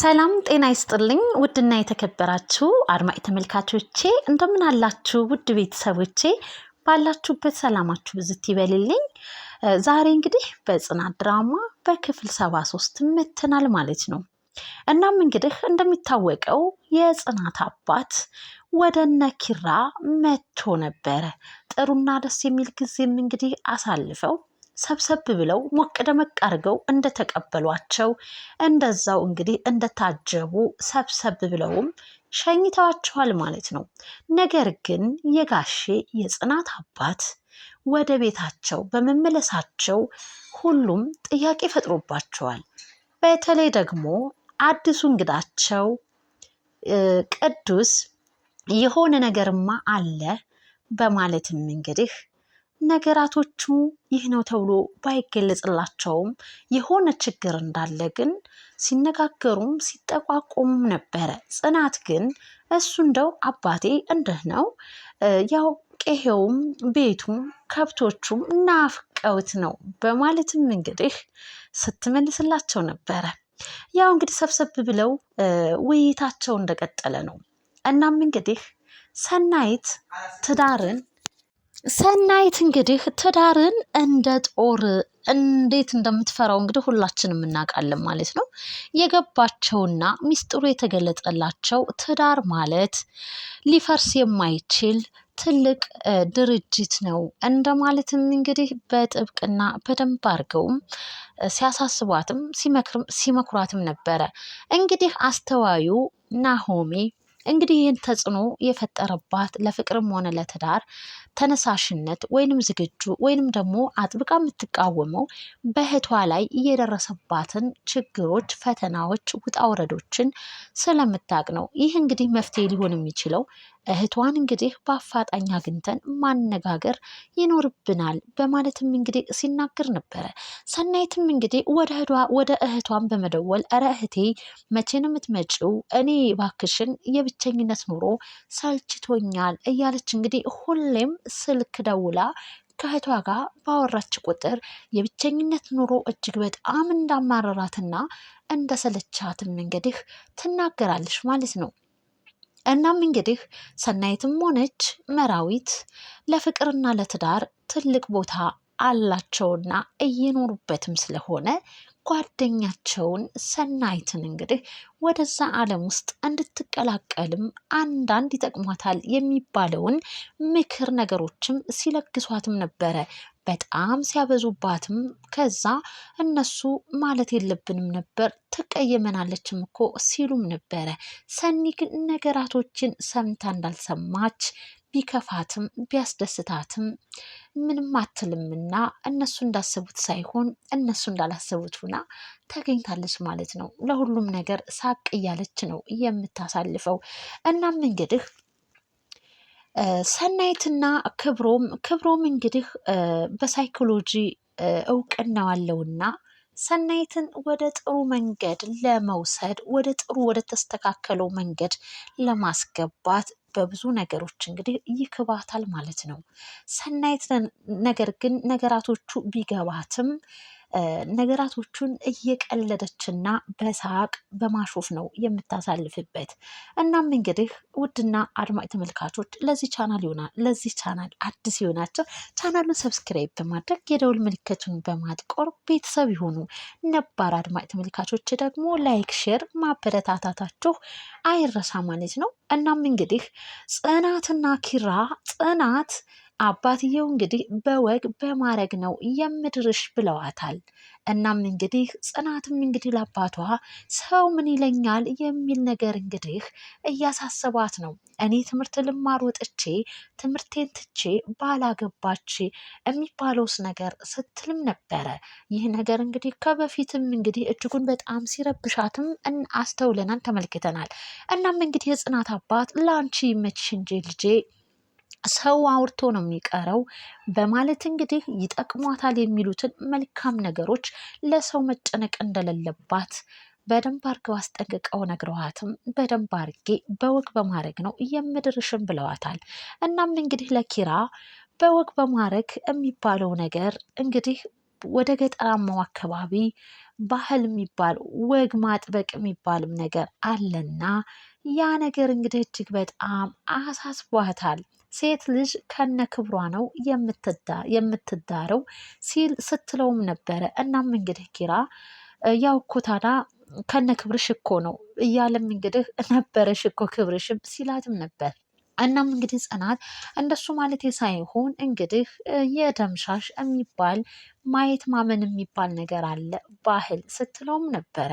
ሰላም ጤና ይስጥልኝ። ውድና የተከበራችሁ አድማጭ ተመልካቾቼ እንደምን አላችሁ? ውድ ቤተሰቦቼ ባላችሁበት ሰላማችሁ ብዝት ይበልልኝ። ዛሬ እንግዲህ በጽናት ድራማ በክፍል ሰባ ሶስት መተናል ማለት ነው። እናም እንግዲህ እንደሚታወቀው የጽናት አባት ወደ ነኪራ መቶ ነበረ። ጥሩና ደስ የሚል ጊዜም እንግዲህ አሳልፈው ሰብሰብ ብለው ሞቅ ደመቅ አድርገው እንደተቀበሏቸው እንደዛው እንግዲህ እንደታጀቡ ሰብሰብ ብለውም ሸኝተዋቸዋል ማለት ነው። ነገር ግን የጋሼ የጽናት አባት ወደ ቤታቸው በመመለሳቸው ሁሉም ጥያቄ ፈጥሮባቸዋል። በተለይ ደግሞ አዲሱ እንግዳቸው ቅዱስ የሆነ ነገርማ አለ በማለትም እንግዲህ ነገራቶቹ ይህ ነው ተብሎ ባይገለጽላቸውም የሆነ ችግር እንዳለ ግን ሲነጋገሩም ሲጠቋቆሙም ነበረ። ጽናት ግን እሱ እንደው አባቴ እንደህ ነው ያው ቄሄውም ቤቱም ከብቶቹም ናፍቀውት ነው በማለትም እንግዲህ ስትመልስላቸው ነበረ። ያው እንግዲህ ሰብሰብ ብለው ውይይታቸው እንደቀጠለ ነው። እናም እንግዲህ ሰናይት ትዳርን ሰናይት እንግዲህ ትዳርን እንደ ጦር እንዴት እንደምትፈራው እንግዲህ ሁላችንም እናውቃለን ማለት ነው። የገባቸውና ሚስጥሩ የተገለጠላቸው ትዳር ማለት ሊፈርስ የማይችል ትልቅ ድርጅት ነው እንደማለትም እንግዲህ በጥብቅና በደንብ አድርገውም ሲያሳስቧትም ሲመክሯትም ነበረ። እንግዲህ አስተዋዩ ናሆሜ እንግዲህ ይህን ተጽዕኖ የፈጠረባት ለፍቅርም ሆነ ለትዳር ተነሳሽነት ወይንም ዝግጁ ወይንም ደግሞ አጥብቃ የምትቃወመው በእህቷ ላይ እየደረሰባትን ችግሮች፣ ፈተናዎች፣ ውጣ ውረዶችን ነው። ይህ እንግዲህ መፍትሄ ሊሆን የሚችለው እህቷን እንግዲህ በአፋጣኝ አግኝተን ማነጋገር ይኖርብናል በማለትም እንግዲህ ሲናገር ነበረ። ሰናይትም እንግዲህ ወደ እህቷን በመደወል እረ እህቴ መቼ ነው የምትመጪው? እኔ ባክሽን የብቸኝነት ኑሮ ሰልችቶኛል እያለች እንግዲህ ሁሌም ስልክ ደውላ ከእህቷ ጋር ባወራች ቁጥር የብቸኝነት ኑሮ እጅግ በጣም እንዳማረራትና እንደሰለቻትም እንግዲህ ትናገራለች ማለት ነው። እናም እንግዲህ ሰናይትም ሆነች መራዊት ለፍቅርና ለትዳር ትልቅ ቦታ አላቸውና እየኖሩበትም ስለሆነ ጓደኛቸውን ሰናይትን እንግዲህ ወደዛ ዓለም ውስጥ እንድትቀላቀልም አንዳንድ ይጠቅሟታል የሚባለውን ምክር ነገሮችም ሲለግሷትም ነበረ። በጣም ሲያበዙባትም ከዛ እነሱ ማለት የለብንም ነበር ትቀየመናለችም እኮ ሲሉም ነበረ። ሰኒ ግን ነገራቶችን ሰምታ እንዳልሰማች ቢከፋትም ቢያስደስታትም ምንም አትልምና እነሱ እንዳሰቡት ሳይሆን እነሱ እንዳላሰቡት ሁና ተገኝታለች ማለት ነው። ለሁሉም ነገር ሳቅ እያለች ነው የምታሳልፈው። እናም እንግዲህ ሰናይትና ክብሮም ክብሮም እንግዲህ በሳይኮሎጂ እውቅና ዋለውና ሰናይትን ወደ ጥሩ መንገድ ለመውሰድ ወደ ጥሩ ወደ ተስተካከለው መንገድ ለማስገባት በብዙ ነገሮች እንግዲህ ይክባታል ማለት ነው። ሰናይት ነገር ግን ነገራቶቹ ቢገባትም ነገራቶቹን እየቀለደችና በሳቅ በማሾፍ ነው የምታሳልፍበት። እናም እንግዲህ ውድና አድማጭ ተመልካቾች ለዚህ ቻናል ይሆና ለዚህ ቻናል አዲስ ይሆናቸው ቻናሉን ሰብስክራይብ በማድረግ የደውል ምልክቱን በማጥቆር ቤተሰብ ይሆኑ። ነባር አድማጭ ተመልካቾች ደግሞ ላይክ፣ ሼር ማበረታታታችሁ አይረሳ ማለት ነው። እናም እንግዲህ ጽናትና ኪራ ጽናት አባትየው እንግዲህ በወግ በማረግ ነው የምድርሽ ብለዋታል። እናም እንግዲህ ጽናትም እንግዲህ ለአባቷ ሰው ምን ይለኛል የሚል ነገር እንግዲህ እያሳሰባት ነው። እኔ ትምህርት ልማር ወጥቼ ትምህርቴን ትቼ ባላገባች የሚባለውስ ነገር ስትልም ነበረ። ይህ ነገር እንግዲህ ከበፊትም እንግዲህ እጅጉን በጣም ሲረብሻትም አስተውለናል፣ ተመልክተናል። እናም እንግዲህ የጽናት አባት ለአንቺ ይመችሽ እንጂ ልጄ ሰው አውርቶ ነው የሚቀረው በማለት እንግዲህ ይጠቅሟታል የሚሉትን መልካም ነገሮች ለሰው መጨነቅ እንደሌለባት በደንብ አርገው አስጠንቅቀው ነግረዋትም በደንብ አርጌ በወግ በማድረግ ነው የምድርሽን ብለዋታል። እናም እንግዲህ ለኪራ በወግ በማድረግ የሚባለው ነገር እንግዲህ ወደ ገጠራማው አካባቢ ባህል የሚባል ወግ ማጥበቅ የሚባልም ነገር አለና ያ ነገር እንግዲህ እጅግ በጣም አሳስቧታል። ሴት ልጅ ከነ ክብሯ ነው የምትዳረው ሲል ስትለውም ነበረ። እናም እንግዲህ ኪራ ያው እኮ ታዲያ ከነ ክብርሽ እኮ ነው እያለም እንግዲህ ነበረሽ እኮ ክብርሽም ሲላትም ነበር። እናም እንግዲህ ጽናት እንደሱ ማለት ሳይሆን እንግዲህ የደምሻሽ የሚባል ማየት ማመን የሚባል ነገር አለ ባህል ስትለውም ነበረ።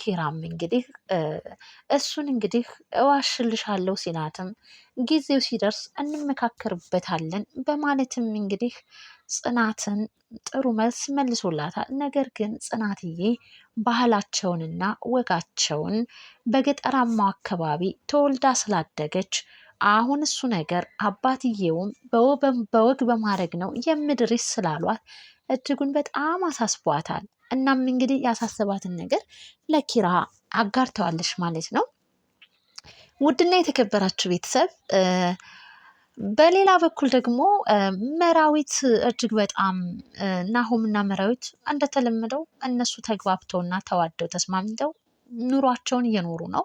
ኪራም እንግዲህ እሱን እንግዲህ እዋሽልሻለሁ ሲላትም ጊዜው ሲደርስ እንመካከርበታለን በማለትም እንግዲህ ጽናትን ጥሩ መልስ መልሶላታል። ነገር ግን ጽናትዬ ባህላቸውንና ወጋቸውን በገጠራማው አካባቢ ተወልዳ ስላደገች አሁን እሱ ነገር አባትየውም በወግ በማድረግ ነው የምድርሽ ስላሏት እጅጉን በጣም አሳስቧታል። እናም እንግዲህ ያሳሰባትን ነገር ለኪራ አጋርተዋለች ማለት ነው። ውድና የተከበራችሁ ቤተሰብ በሌላ በኩል ደግሞ መራዊት እጅግ በጣም ናሆምና መራዊት እንደተለመደው እነሱ ተግባብተውና ተዋደው ተስማምተው ኑሯቸውን እየኖሩ ነው።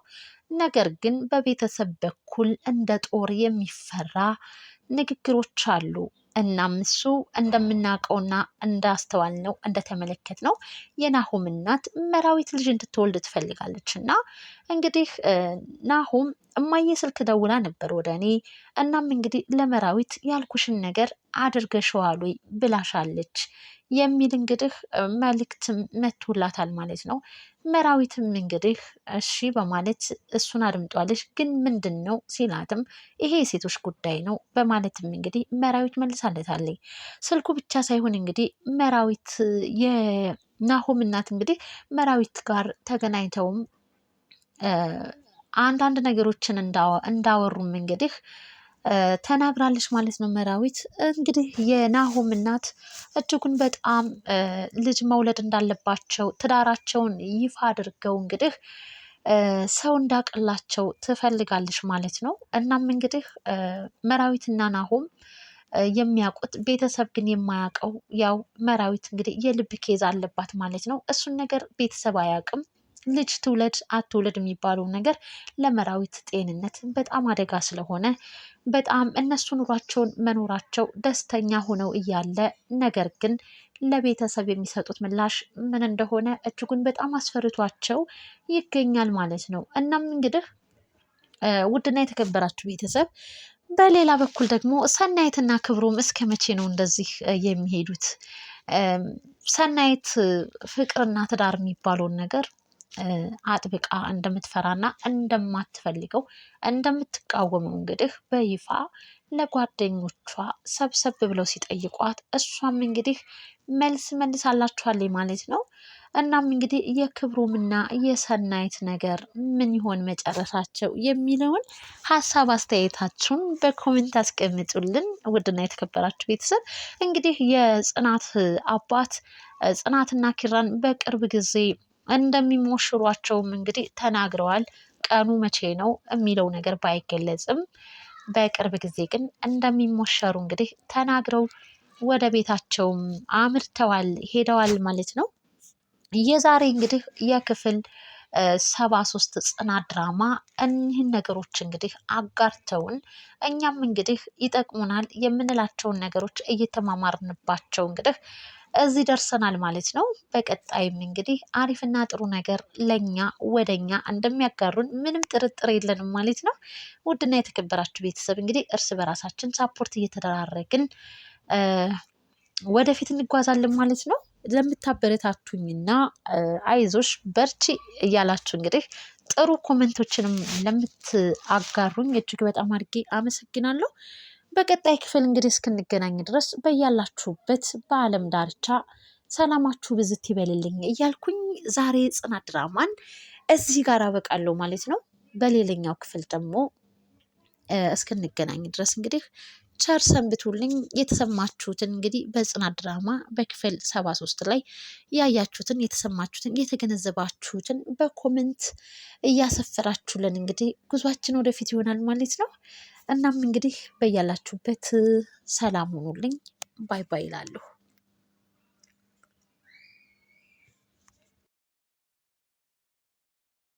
ነገር ግን በቤተሰብ በኩል እንደ ጦር የሚፈራ ንግግሮች አሉ። እናም እሱ እንደምናውቀውና እንደተመለከት ነው የናሁም እናት መራዊት ልጅ እንድትወልድ ትፈልጋለች። እና እንግዲህ ናሁም እማዬ ስልክ ደውላ ነበር ወደ እኔ። እናም እንግዲህ ለመራዊት ያልኩሽን ነገር አድርገሽዋል ወይ ብላሻለች የሚል እንግዲህ መልእክት መቶላታል ማለት ነው። መራዊትም እንግዲህ እሺ በማለት እሱን አድምጧለች። ግን ምንድን ነው ሲላትም ይሄ የሴቶች ጉዳይ ነው በማለትም እንግዲህ መራዊት መልሳለታለች። ስልኩ ብቻ ሳይሆን እንግዲህ መራዊት የናሆም እናት እንግዲህ መራዊት ጋር ተገናኝተውም አንዳንድ ነገሮችን እንዳወሩም እንግዲህ ተናግራለች ማለት ነው። መራዊት እንግዲህ የናሆም እናት እጅጉን በጣም ልጅ መውለድ እንዳለባቸው ትዳራቸውን ይፋ አድርገው እንግዲህ ሰው እንዳቅላቸው ትፈልጋለች ማለት ነው። እናም እንግዲህ መራዊትና ናሆም የሚያውቁት ቤተሰብ ግን የማያውቀው ያው መራዊት እንግዲህ የልብ ኬዝ አለባት ማለት ነው። እሱን ነገር ቤተሰብ አያውቅም። ልጅ ትውለድ አትውለድ የሚባለው ነገር ለመራዊት ጤንነት በጣም አደጋ ስለሆነ በጣም እነሱ ኑሯቸውን መኖራቸው ደስተኛ ሆነው እያለ ነገር ግን ለቤተሰብ የሚሰጡት ምላሽ ምን እንደሆነ እጅጉን በጣም አስፈርቷቸው ይገኛል ማለት ነው። እናም እንግዲህ ውድና የተከበራችሁ ቤተሰብ በሌላ በኩል ደግሞ ሰናይትና ክብሩም እስከ መቼ ነው እንደዚህ የሚሄዱት? ሰናይት ፍቅርና ትዳር የሚባለውን ነገር አጥብቃ እንደምትፈራና እንደማትፈልገው እንደምትቃወመው እንግዲህ በይፋ ለጓደኞቿ ሰብሰብ ብለው ሲጠይቋት እሷም እንግዲህ መልስ መልሳላችኋለች ማለት ነው። እናም እንግዲህ የክብሩምና የሰናይት ነገር ምን ይሆን መጨረሻቸው የሚለውን ሀሳብ አስተያየታችሁን በኮሜንት አስቀምጡልን። ውድና የተከበራችሁ ቤተሰብ እንግዲህ የጽናት አባት ጽናትና ኪራን በቅርብ ጊዜ እንደሚሞሽሯቸውም እንግዲህ ተናግረዋል። ቀኑ መቼ ነው የሚለው ነገር ባይገለጽም በቅርብ ጊዜ ግን እንደሚሞሸሩ እንግዲህ ተናግረው ወደ ቤታቸውም አምርተዋል ሄደዋል ማለት ነው። የዛሬ እንግዲህ የክፍል ሰባ ሶስት ጽናት ድራማ እኒህን ነገሮች እንግዲህ አጋርተውን እኛም እንግዲህ ይጠቅሙናል የምንላቸውን ነገሮች እየተማማርንባቸው እንግዲህ እዚህ ደርሰናል ማለት ነው። በቀጣይም እንግዲህ አሪፍና ጥሩ ነገር ለኛ ወደኛ እንደሚያጋሩን ምንም ጥርጥር የለንም ማለት ነው። ውድና የተከበራችሁ ቤተሰብ እንግዲህ እርስ በራሳችን ሳፖርት እየተደራረግን ወደፊት እንጓዛለን ማለት ነው። ለምታበረታቱኝና አይዞሽ በርቺ እያላችሁ እንግዲህ ጥሩ ኮመንቶችንም ለምትአጋሩኝ እጅግ በጣም አድርጌ አመሰግናለሁ። በቀጣይ ክፍል እንግዲህ እስክንገናኝ ድረስ በያላችሁበት በዓለም ዳርቻ ሰላማችሁ ብዝት ይበልልኝ እያልኩኝ ዛሬ ጽናት ድራማን እዚህ ጋር አበቃለሁ ማለት ነው። በሌላኛው ክፍል ደግሞ እስክንገናኝ ድረስ እንግዲህ ቸር ሰንብቱልኝ። የተሰማችሁትን እንግዲህ በጽናት ድራማ በክፍል ሰባ ሶስት ላይ ያያችሁትን የተሰማችሁትን የተገነዘባችሁትን በኮመንት እያሰፈራችሁልን እንግዲህ ጉዟችን ወደፊት ይሆናል ማለት ነው። እናም እንግዲህ በያላችሁበት ሰላም ሁኑልኝ። ባይ ባይ ይላለሁ።